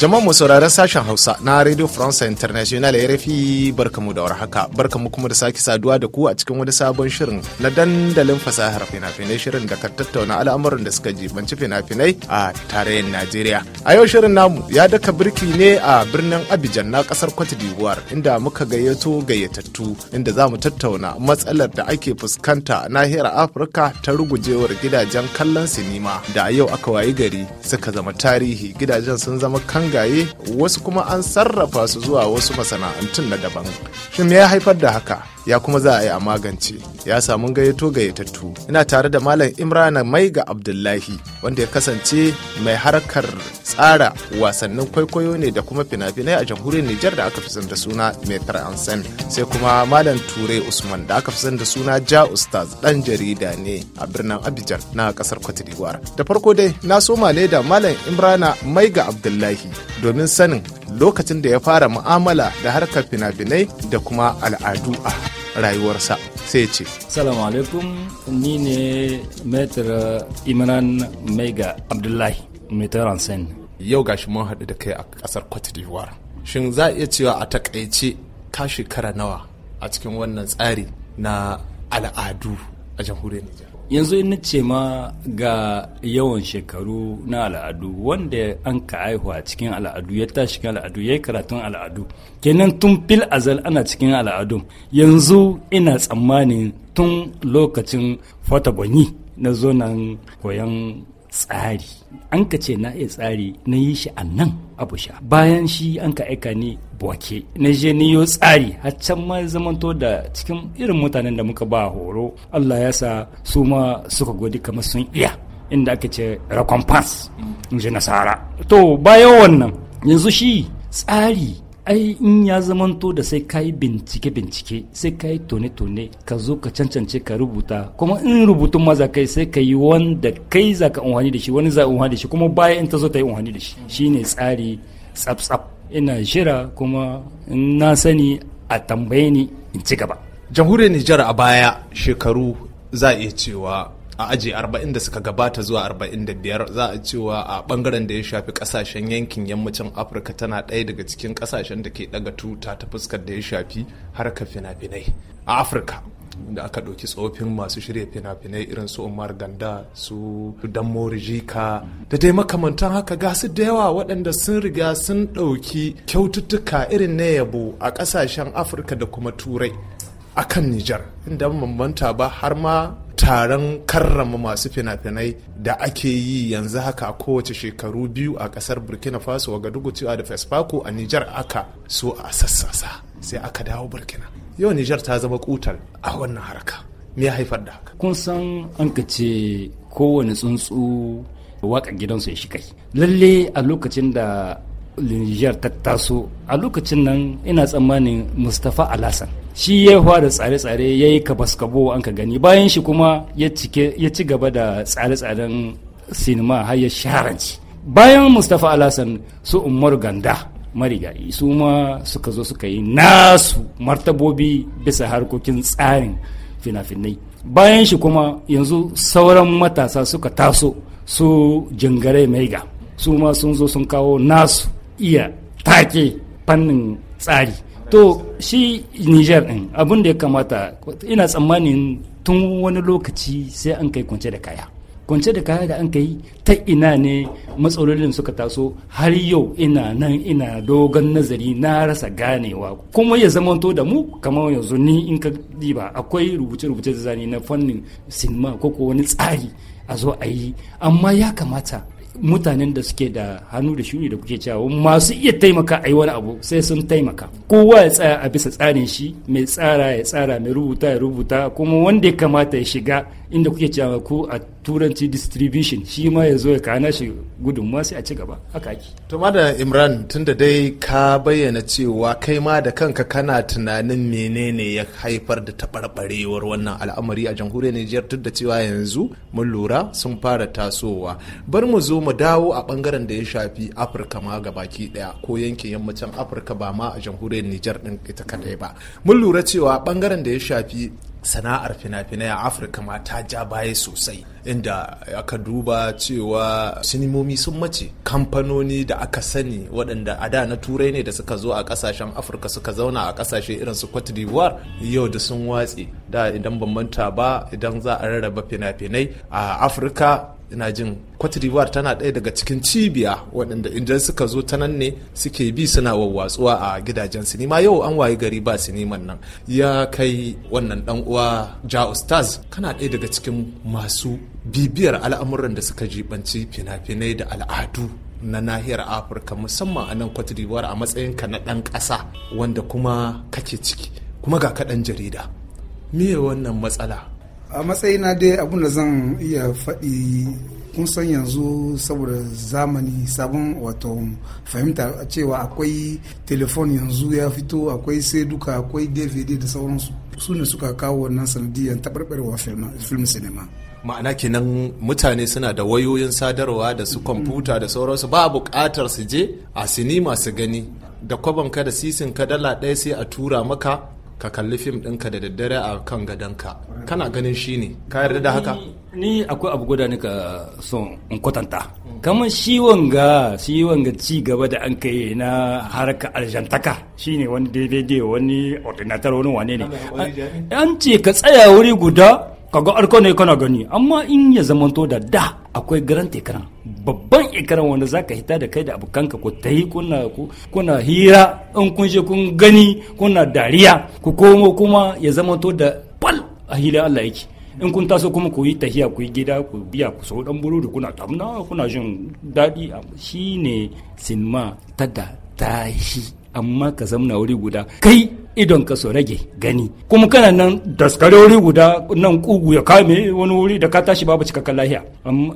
jama'a mu sauraron sashen hausa na radio france international ya rafi barkamu da warhaka barkamu kuma da sake saduwa da ku a cikin wani sabon shirin na dandalin fasahar fina-finai shirin da ka tattauna al'amuran da suka jibanci fina-finai a tarayyar najeriya a yau shirin namu ya daka birki ne a birnin abidjan na kasar cote d'ivoire inda muka gayyato gayyatattu inda za mu tattauna matsalar da ake fuskanta nahiyar afirka ta rugujewar gidajen kallon sinima da a yau aka wayi gari suka zama tarihi gidajen sun zama kan shingaye wasu kuma an sarrafa su zuwa wasu masana'antun na daban shin me ya haifar da haka ya kuma za a yi a magance ya samu gayyato gayyatattu ina tare da malam imrana mai ga abdullahi wanda ya kasance mai harkar tsara wasannin kwaikwayo ne da kuma fina-finai a jamhuriyar nijar da aka fi da suna metar ansan sai kuma malam ture usman da aka fi da suna ja ustaz dan jarida ne a birnin abidjan na kasar cote d'ivoire da farko dai na soma ne da malam imrana mai ga abdullahi domin sanin lokacin da ya fara mu'amala da harkar fina-finai da kuma al'adu a rayuwarsa sai ce salamu alaikum ni ne metar imran mega abdullahi meteoran sen yau gashi mun haɗu da kai a ƙasar cote d'ivoire shin za a iya cewa a takaice ka shekara nawa a cikin wannan tsari na al'adu a jamhuriyar nijar yanzu in ce ma ga yawan shekaru na al'adu wanda an ka haihuwa cikin al'adu ya tashi cikin al'adu ya yi karatun al'adu kenan tun fil azal ana cikin al'adu yanzu ina tsammanin tun lokacin fata na zonan koyon tsari an ka ce na iya tsari na yi shi a nan abusha bayan shi an ka aika ni boke na je ni yo tsari har can ma zamanto da cikin irin mutanen da muka ba horo Allah ya sa su ma suka godi kamar sun iya inda aka ce recompense in ji nasara to bayan wannan yanzu shi tsari ai in ya zamanto da sai ka yi bincike-bincike sai ka yi tone-tone ka zo ka cancance ka rubuta kuma in rubutun maza kai sai ka yi wanda kai za ka unhani da shi wani za unhani da shi kuma baya in ta zo ta yi unhani da shi shine tsari tsaf-tsaf ina shira kuma in na sani a tambaye ni in ci gaba jamhuriyar nijar a baya shekaru za a iya cewa a aji 40 da suka gabata zuwa 45 za a cewa a bangaren da ya shafi kasashen yankin yammacin afirka tana ɗaya daga cikin kasashen da ke ɗaga tuta ta fuskar da ya shafi harkar fina-finai a afirka da aka ɗauki tsofin masu shirya fina-finai irin su umar ganda su dan morijika da dai makamantan haka gasu da yawa waɗanda sun riga sun ɗauki kyaututtuka irin na yabo a ƙasashen afirka da kuma turai akan nijar inda bambanta ba har ma taron karrama masu fina-finai da ake yi yanzu haka a kowace shekaru biyu a kasar burkina faso wagadugu cewa da fesfako a nijar aka so a sassasa sai aka dawo burkina yau nijar ta zama kutar a wannan haraka. me ya haifar da haka kun san an ka ce kowane tsuntsu waka gidansu ya shi kai lalle a lokacin da nijar ta taso a lokacin nan ina tsammanin mustapha alasan shi ya fara tsare-tsare ya yi kabaskabo an ka gani bayan shi kuma ya ci gaba da tsare-tsaren sinima har ya sharanci bayan mustapha alasan su umar ganda marigayi su ma suka zo suka yi nasu martabobi bisa harkokin tsarin fina-finai bayan shi kuma yanzu sauran matasa suka taso su jingare maiga su ma sun zo sun kawo nasu iya take fannin tsari to shi niger din abin da ya kamata ina tsammanin tun wani lokaci sai an kai kwance da kaya kwance da kaya da an kai ta ina ne matsalolin suka taso har yau ina nan ina dogon nazari na rasa ganewa kuma ya zamanto da mu kamar yanzu ni in ka diba akwai rubuce-rubuce da zane na fannin sinima ko ko wani tsari a zo a yi amma ya kamata mutanen da suke da hannu da shuni da kuke cewa masu iya taimaka a yi wani abu sai sun taimaka kowa ya tsaya a bisa tsarin shi mai tsara ya tsara mai rubuta ya rubuta kuma wanda ya kamata ya shiga inda kuke cewa ku a turanci distribution shi ma ya zo ya kana shi sai a ci gaba haka ake. to da imran tunda dai ka bayyana cewa kai ma da kanka kana tunanin menene ya haifar da taɓarɓarewar wannan al'amari a jamhuriyar nijar tun da cewa yanzu mun lura sun fara tasowa bar mu zo mu dawo a bangaren da ya shafi afirka ma baki daya ko yankin yammacin afirka ba ma a jamhuriyar nijar din ita kadai ba mun lura cewa bangaren da ya shafi sana'ar fina-finai a afirka ma ta ja baya sosai inda aka duba cewa sinimomi sun mace kamfanoni da aka sani waɗanda a da na turai ne da suka zo a ƙasashen afirka suka zauna a ƙasashe irin su cote d'ivoire yau da sun watse da idan ban manta ba idan za a rarraba fina-finai a afirka ina jin cote tana ɗaya daga cikin cibiya waɗanda idan suka zo ta nan ne suke bi suna wawwatsuwa a gidajen sinima yau an wayi gari ba siniman nan ya kai wannan dan uwa jao stars kana ɗaya daga cikin masu bibiyar al'amuran da suka jibanci fina-finai da al'adu na nahiyar afirka musamman a nan cote d'ivoire a matsayinka na ɗan ƙasa wanda kuma kake ciki kuma ga kaɗan jarida me wannan matsala a matsayina dai abun da zan iya faɗi kun san yanzu saboda zamani sabon wato fahimta cewa akwai telefon yanzu ya fito akwai sai duka akwai dvd da sauransu su ne suka kawo wannan sanadiyar taɓarɓarewa film cinema ma'ana kenan mutane suna da wayoyin sadarwa da su kwamfuta da sauransu ba buƙatar su je a sinima su gani da kwabanka da sisin ka dala ɗaya sai a tura maka ka kalli fim ɗinka da daddare a kan gadonka kana ganin shi ne ka yarda da haka ni akwai abu guda nika son in kwatanta kamar shi wanga shi wanga ci gaba da an kai na harka aljantaka ne wani daidai wani ordinatar wani wane ne an ce ka tsaya wuri guda kaga arko ne kana gani amma in ya zamanto da da akwai garan tekaran babban ekran wanda za ka hita da kai da abokanka ku tayi kuna kuna hira in kun je kun gani kuna dariya ku komo kuma ya zamanto da bal a hila Allah yake in kun taso kuma ku yi tahiya ku yi gida ku biya ku sau dan da kuna tamna kuna jin daɗi shine sinima ta da tashi amma ka zamna wuri guda kai idon ka su rage gani kuma kana nan daskarori guda nan kugu ya kame wani wuri da ka tashi babu cikakken lahiya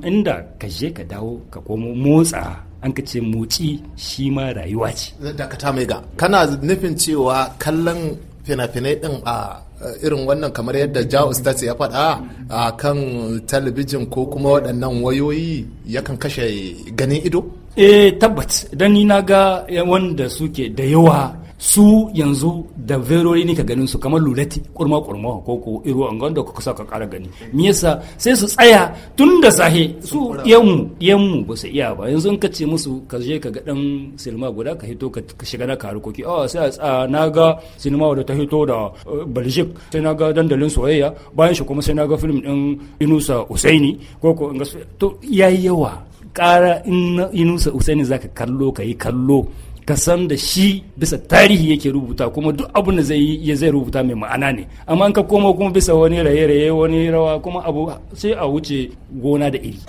inda ka je ka dawo ka komo motsa an ka ce motsi shi ma rayuwa ce da dakata mai ga kana nufin cewa kallon fina-finai din a irin wannan kamar yadda jaus ta ya faɗa a kan talabijin ko kuma waɗannan wayoyi yakan kashe ganin ido? eh tabbat don ni na ga wanda suke da yawa su yanzu da verori ne ka ganin su kamar lulati kurma kurma ko ko iro an ganda kuka ka kara gani me yasa sai su tsaya tun da sahe su yanmu yanmu ba su iya ba yanzu ka ce musu ka je ka ga dan silma guda ka hito ka shiga na harkoki a ah, sai a tsaya na ga silma ta hito da eh, baljik sai na ga dandalin soyayya bayan shi kuma sai na ga film din Inusa Usaini ko ko in ga to yayi yawa kara Inusa Usaini zaka kallo ka kallo ka san da shi bisa tarihi yake rubuta kuma duk abin da zai yi ya zai rubuta mai ma'ana ne amma ka koma kuma bisa wani raye-raye wani rawa kuma abu sai a wuce gona da iri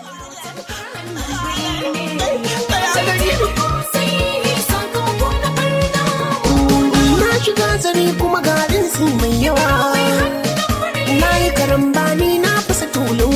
shiga zare kuma mai yawa na yi karambani na fasa tulun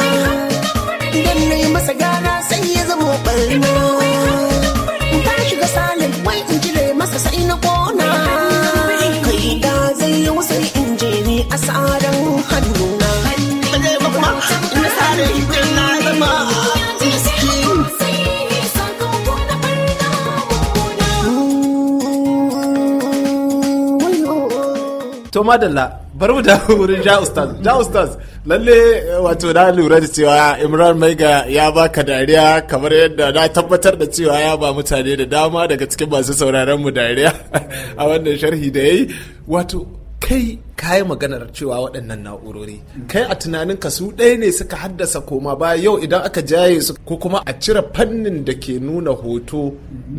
to madalla bari mu dawo wurin ja ustaz ja ustaz lalle eh, wato na lura da cewa imran maiga ya baka dariya kamar yadda na tabbatar da cewa ya ba mutane da dama daga cikin masu sauraron mu dariya a wannan sharhi da yayi wato kai kayi maganar cewa waɗannan na'urori kai a tunanin ka su ɗaya ne suka haddasa koma ba yau idan aka jaye su ko kuma a cire fannin da ke nuna hoto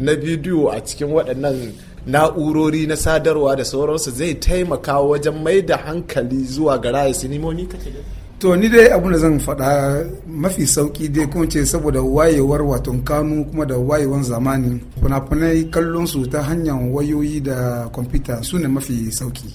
na bidiyo a cikin waɗannan na'urori na sadarwa da sauransu zai taimaka wajen mai da hankali zuwa ga raya sinimoni kake to ni dai abu da zan faɗa mafi sauki dai kuma ce saboda wayewar wato kanu kuma da wayewar zamani fina-finai kallon su ta hanyar wayoyi da kwamfuta su ne mafi sauki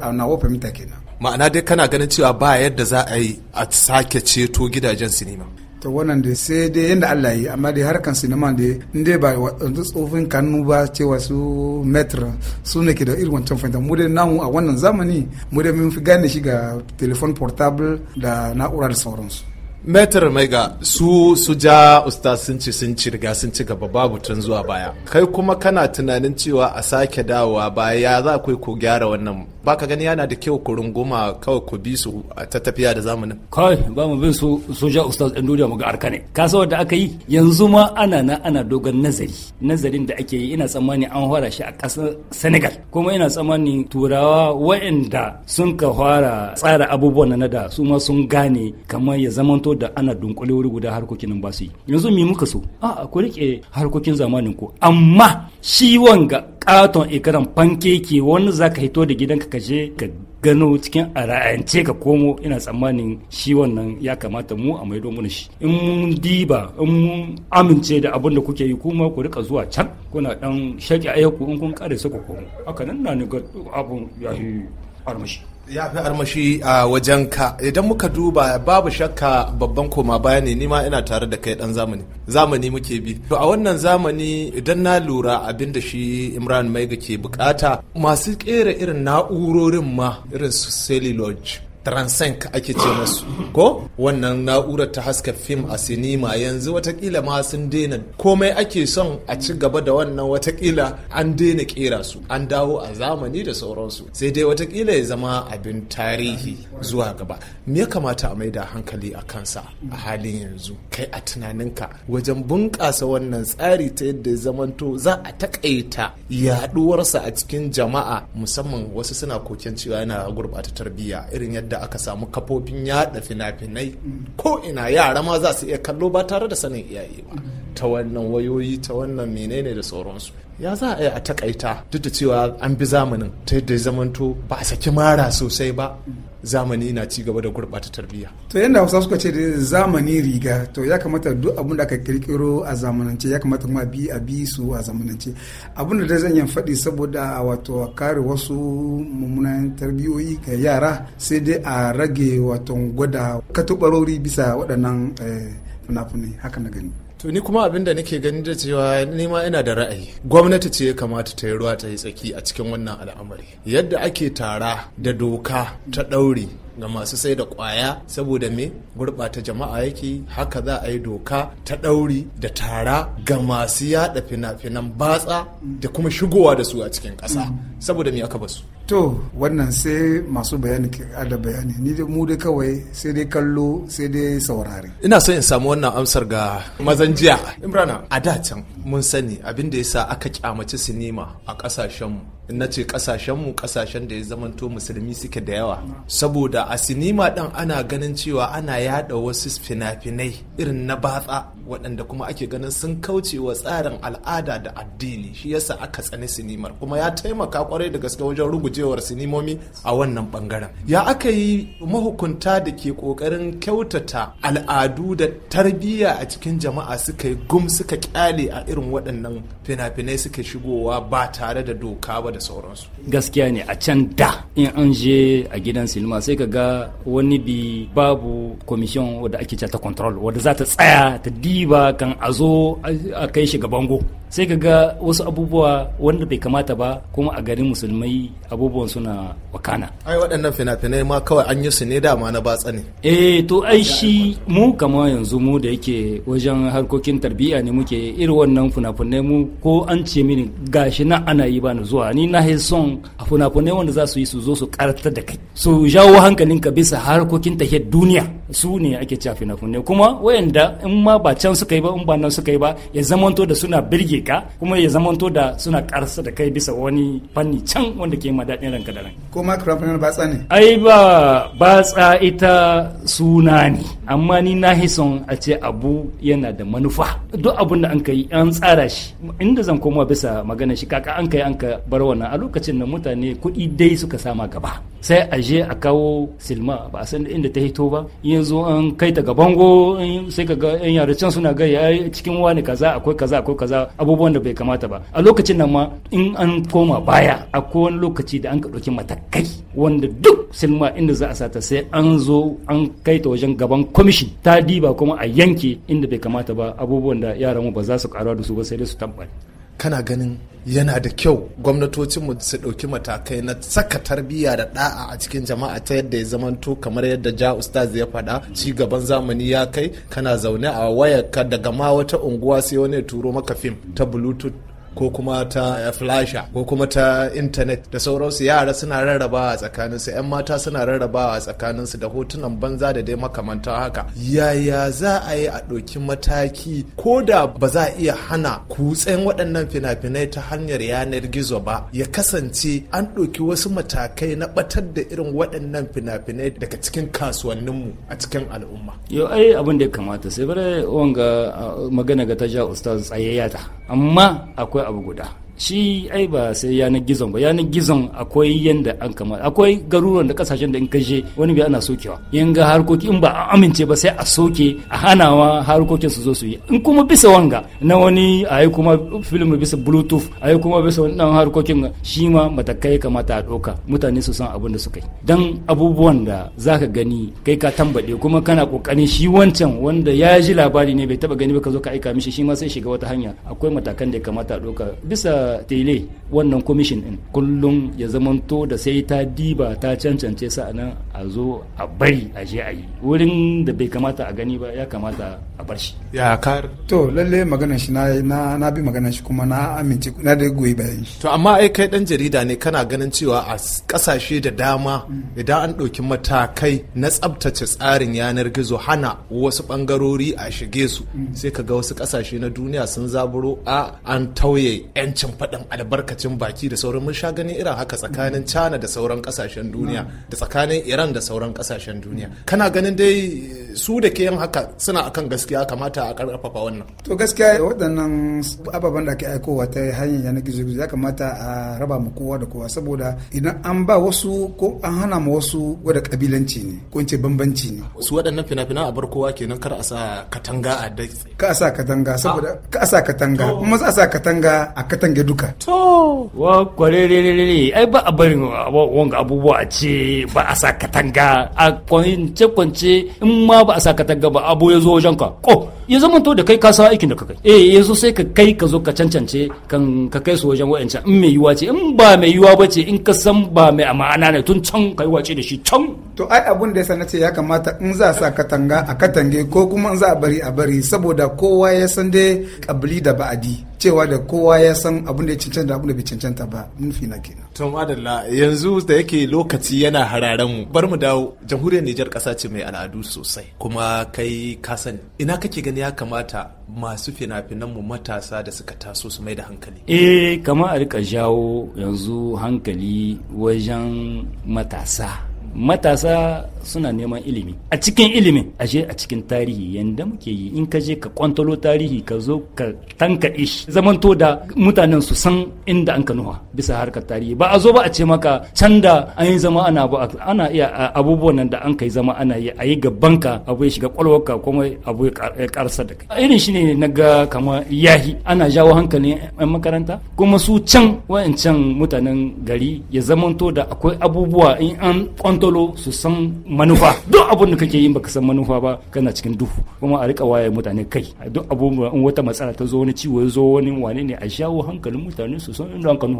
a nawa mita kenan ma'ana dai kana ganin cewa ba yadda za a yi a sake ceto gidajen sinima to wannan da sai dai yadda Allah yi amma dai harkan sinima da in dai ba wadanda tsofin kanu ba cewa wasu metra su ne ke da irin wancan fahimta mu dai namu a wannan zamani mu dai mun fi gane shi ga telefon portable da na'ura da sauransu metar mai ga su su ja usta sun ci sun ci riga sun ci gaba babu tun zuwa baya kai kuma kana tunanin cewa a sake dawowa baya ya za ku ko gyara wannan ba ka gani yana da kyau ku runguma kawai ku bi su ta tafiya da zamanin kawai ba mu bin su soja ustaz ɗan duniya muga ga arkane kasa da aka yi yanzu ma ana na ana dogon nazari nazarin da ake yi ina tsammani an fara shi a ƙasar senegal kuma ina tsammani turawa waɗanda sun ka fara tsara abubuwan na da su ma sun gane kamar ya zamanto da ana dunkule wuri guda harkokin nan ba su yi yanzu mi muka so a ku rike harkokin zamanin ku amma shi wanga katon ikiran pankeki wani za ka hito da gidanka ka je ka gano cikin arayance ra'ayance ka komo ina tsammanin shi wannan ya kamata mu a maido mana shi in mun diba in mun amince da abin da kuke yi kuma ku rika zuwa can kuna dan shaki ayyuku in kun kare su ku komo haka nan na ni abun ya yi armashi ya fi armashi a wajen ka idan muka duba babu shakka babban koma baya ne nima ina tare da kai dan zamani zamani muke bi to a wannan zamani idan na lura abin da shi imran maiga ke bukata masu kera irin na'urorin ma irin su celluloid transenk ake ce masu ko wannan na'urar ta haska fim a sinima yanzu watakila ma sun daina komai ake son a ci gaba da wannan watakila an daina kera su an dawo a zamani da sauransu sai dai watakila ya zama abin tarihi zuwa gaba me ya kamata a da hankali a kansa a halin yanzu kai a tunaninka wajen bunƙasa wannan tsari ta yadda ya zamanto za a takaita yaduwarsa a cikin jama'a musamman wasu suna koken cewa yana gurɓata tarbiyya irin yadda da aka samu kafofin yada fina-finai ko ina yara ma za su iya kallo ba tare da sanin iyaye ba ta wannan wayoyi ta wannan menene da sauransu ya za a yi a takaita duk da cewa an bi zamanin ta yadda zamanto ba a saki mara sosai ba zamani na ci gaba da gurɓata tarbiyya. To yadda Hausa suka ce zamani riga to ya kamata duk abin da aka kirkiro a zamanance ya kamata kuma bi a bi su a zamanance. Abin da zan yi faɗi saboda wato kare wasu mummunan tarbiyoyi ga yara sai dai a rage wato gwada katubarori bisa waɗannan eh, fina haka na gani. to ni kuma abin da nake ganin da cewa nima ina da ra'ayi gwamnati ce ya kamata ta yi ruwa ta yi tsaki a cikin wannan al'amari yadda ake tara da doka ta ɗaure ga masu sai da kwaya saboda me gurɓata jama'a yake haka za a yi doka ta ɗauri da tara ga masu yaɗa fina-finan batsa da kuma shigowa da su a cikin ƙasa saboda me aka basu to wannan sai masu bayani da bayani ni da mu dai kawai sai dai kallo sai dai saurare ina so in samu wannan amsar ga mazan jiya imrana a da can mun sani abin da ya sa aka kyamaci sinima a kasashen mu na ce kasashen mu kasashen da ya zamanto musulmi suke da yawa saboda a sinima dan ana ganin cewa ana yada wasu fina-finai irin na batsa waɗanda kuma ake ganin sun kauce wa tsarin al'ada da addini shi yasa aka tsani sinimar kuma ya taimaka kwarai da gaske wajen ruguje gujewar sinimomi a wannan bangaren ya aka yi mahukunta da ke kokarin kyautata al'adu da tarbiyya a cikin jama'a suka yi gum suka kyale a irin waɗannan fina-finai suka shigowa ba tare da doka ba da sauransu gaskiya ne a can da in an je a gidan sinima sai ka ga wani bi babu kwamishin wadda ake ta control wadda za ta tsaya ta diba kan a zo a kai shi ga bango sai ka ga wasu abubuwa wanda bai kamata ba kuma a garin musulmai abubuwan suna wakana ai waɗannan fina-finai ma kawai an yi su ne dama na batsa ne eh to ai shi mu kama yanzu mu da yake wajen harkokin tarbiyya ne muke irin wannan fina-finai mu ko an ce mini gashi na ana yi ba zuwa ni na son a fina-finai wanda za su yi su zo su karatar da kai su jawo hankalinka bisa harkokin tahiyar duniya su ne ake cewa fina-finai kuma wayanda in ma ba can suka yi ba in ba nan suka yi ba ya zamanto da suna birge ka kuma ya zamanto da suna karsa da kai bisa wani fanni can wanda ke ma daɗin ranka da ranka ko ma batsa ne ai ba batsa ita suna ne amma ni na hison a ce abu yana da manufa duk abun da an kai an tsara shi inda zan koma bisa magana shi kaka an kai an ka bar wannan a lokacin da mutane kuɗi dai suka sama gaba sai a je a kawo silma ba a san inda ta hito ba yanzu an kai ta ga bango sai ka ga yan yare can suna gaya cikin wani kaza akwai kaza akwai kaza abubuwan da bai kamata ba a lokacin nan ma in an koma baya akwai wani lokaci da an ka ɗauki matakai wanda duk silma inda za a sata sai an zo an kai ta wajen gaban kwamishin ta diba kuma a yanke inda bai kamata ba abubuwan da yaran mu ba za su karuwa da su ba sai dai su tabbata kana ganin yana da kyau gwamnatocinmu su ɗauki matakai na saka tarbiyya da ɗa'a a cikin jama'a ta yadda ya zamanto kamar yadda ja ustaz ya faɗa ci gaban zamani ya kai kana zaune a wayarka daga ma wata unguwa sai wani turo maka fim ta bluetooth ko kuma ta flasha ko kuma ta intanet da sauransu yara suna rarrabawa a tsakaninsu 'yan mata suna rarrabawa a tsakaninsu da hotunan banza da dai makamantan haka yaya za a yi a ɗauki mataki ko da ba za a iya hana kutsen waɗannan fina-finai ta hanyar yanar gizo ba ya kasance an ɗauki wasu matakai na ɓatar da irin waɗannan fina-finai daga cikin kasuwanninmu a cikin al'umma. Yau ai abin da ya kamata sai bare wanga magana ga ta ja ustaz tsayayyata amma akwai abu guda shi ai ba sai yanar gizon ba yanar gizon akwai yanda an kama akwai garuruwan da kasashen da in kashe wani bai ana sokewa in ga harkoki in ba an amince ba sai a soke a hanawa harkokin su zo su yi in kuma bisa wanga na wani yi kuma film bisa bluetooth yi kuma bisa wani dan harkokin shi ma matakai kamata a ɗauka mutane su san abin da suka yi dan abubuwan da zaka gani kai ka tambade kuma kana kokarin shi wancan wanda ya ji labari ne bai taba gani ba ka zo ka aika mishi shi ma sai shiga wata hanya akwai matakan da ya kamata a ɗauka bisa tele wannan kwamishin din kullum ya zamanto da sai ta diba ta cancance sa'anan a zo a bari a je a yi wurin da bai kamata a gani ba ya kamata a bar shi ya kar to lalle maganar shi na na bi maganar shi kuma na amince na da goyi bayan shi to amma ai kai dan jarida ne kana ganin cewa a kasashe da dama mm. idan an ɗauki matakai na tsabtace tsarin yanar gizo hana wasu bangarori a shige su mm. sai ka ga wasu kasashe na duniya sun zaburo a an tauye 'yancin faɗin albarkacin baki da sauran mun sha gani irin haka tsakanin China da sauran kasashen duniya da tsakanin Iran da sauran kasashen duniya kana ganin dai eh, su da ke yin haka suna akan gaskiya kamata a karfafa wannan to gaskiya waɗannan ababen da ke aikowa ta hanyar yanar gizo ya kamata a raba mu kowa da kowa saboda idan an ba wasu ko an hana mu wasu wadda kabilanci ne ko ce bambanci ne su waɗannan fina-finan a bar kowa kenan kar a sa katanga a dai ka a sa katanga saboda ah. ka a sa katanga kuma za a sa katanga a katanga duka. To, wa kwarere ai ba a barin wanga abubuwa a ce ba a sa katanga a kwance kwance in ma ba a sa katanga ba abu ya zo wajen ka. Ko, ya zama to da kai ka san aikin da ka kai. Eh, ya zo sai ka kai ka zo ka cancance kan ka kai su wajen wa'ancan in mai yiwa ce in ba mai yiwa ba ce in ka san ba mai ma'ana ne tun can ka yi wace da shi can. To ai abun da ya sana ce ya kamata in za a sa katanga a katange ko kuma in za a bari a bari saboda kowa ya san dai kabili da ba'adi. cewa da kowa ya san abin da ya cancanta abin da bai cancanta ba nufi na kenan. to adalla yanzu da yake lokaci yana hararen mu bar mu dawo jamhuriyar nijar ƙasa ce mai al'adu sosai kuma kai ka sani ina kake gani ya kamata masu fina-finan mu matasa da suka taso su mai da hankali eh kama a rika jawo yanzu hankali wajen matasa matasa suna neman ilimi a cikin ilimin ashe a cikin tarihi yanda muke yi in ka je ka kwantalo tarihi ka zo ka tanka ish zamanto da mutanen su san inda an ka nuha bisa harkar tarihi ba a zo ba a ce maka can da an yi zama ana ba ana iya abubuwan nan da an kai zama ana yi a yi gaban ka abu ya shiga kwalwarka kuma abu ya karsa da kai irin shi ne na ga kama yahi ana jawo hankalin yan makaranta kuma su can can mutanen gari ya zamanto da akwai abubuwa in an kwantalo su san manufa duk abun da kake yin baka san manufa ba kana cikin duhu kuma a rika waye mutane kai duk abubuwa in wata matsala ta zo wani ciwo ya zo wani wane ne a shawo hankalin mutane su san inda hankalin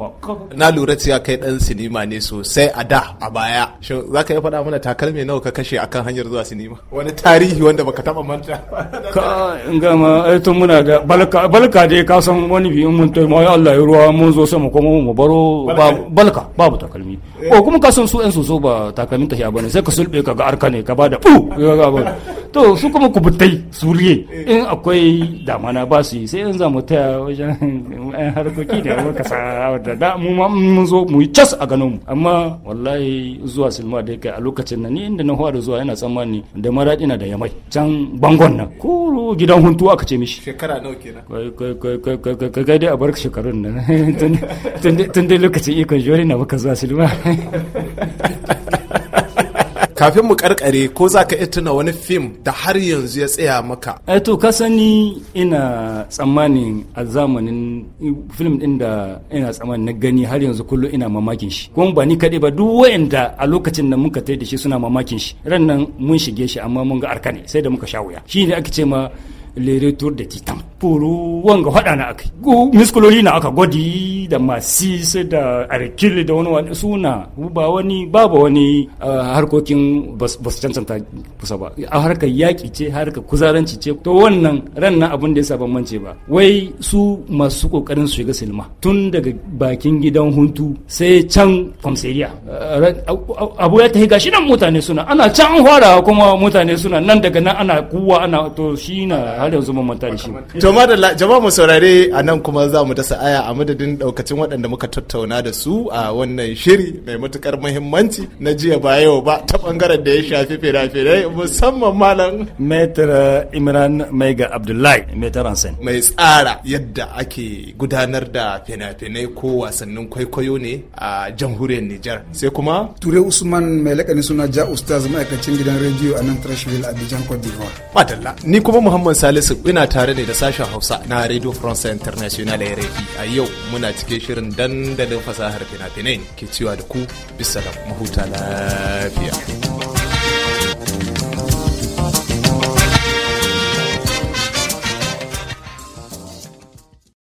na lura cewa kai dan sinima ne sosai a da a baya shin zaka yi faɗa mana takalmi nawa ka kashe akan hanyar zuwa sinima wani tarihi wanda baka taba manta ka in ga ma tun muna ga balka balka dai ka san wani bi in mun tai mai Allah ya ruwa mun zo sama kuma mu baro balka babu takalmi eh. ko kuma ka san su ɗan su zo ba takalmin ta tahiya bane sai ka sulbe sai kaga arka ne ka bada bu to su kuma kubutai suriye eh. in akwai dama na ba su yi sai in za mu taya wajen yan harkoki da muka sa da da mu ma mun zo mu yi cas a ganin mu amma wallahi zuwa silma da kai a lokacin nan ni inda na fara zuwa yana tsammani da maraɗi na da yamai can bangon nan ko gidan huntu aka ce mishi shekara nawa kenan kai kai kai kai kai dai a bar shekarun nan tun dai lokacin ikon jori na baka zuwa silma kafin mu karkare ko za ka tuna wani fim da har yanzu ya tsaya maka eh ka sani ina tsammanin a zamanin film din da ina tsammanin na gani har yanzu kullum ina mamakin shi kuma ba ni kaɗai ba duk wayanda a lokacin da muka tai da shi suna mamakin shi ran nan mun shige shi amma mun ga arka ne sai da muka sha wuya shi ne ake ce ma lere tour da titan furu wanga hada na aka miskuloli na aka gwadi da masis da arikili da wani wani suna ba wani babu wani ah, harkokin ba su cancanta kusa ba a harkar yaƙi ce harkar kuzaranci ce to wannan ran na abin da ya sa bambance ba wai su masu kokarin su shiga silma tun daga bakin gidan huntu sai can kwamseriya ah, abu ya ta gashi nan mutane suna ana can fara kuma mutane suna nan daga nan ana kuwa ana to shi na har yanzu mun manta da shi to madalla jama'a mu saurare a nan kuma za mu dasa aya a madadin daukacin waɗanda muka tattauna da su a wannan shiri mai matukar muhimmanci na jiya ba yau ba ta bangaren da ya shafi fira finai musamman malam maitre imran maiga abdullahi maitre sen mai tsara yadda ake gudanar da fina-finai ko wasannin kwaikwayo ne a jamhuriyar nijar sai kuma ture usman mai lakani suna ja ustaz ma'aikacin gidan rediyo a nan trashville abidjan cote d'ivoire madalla ni kuma muhammad Salisu ina tare ne da sashen Hausa na Radio France International RFI. A yau muna cikin shirin dandalin fasahar fina-finai ke cewa da ku bisa da mahuta lafiya.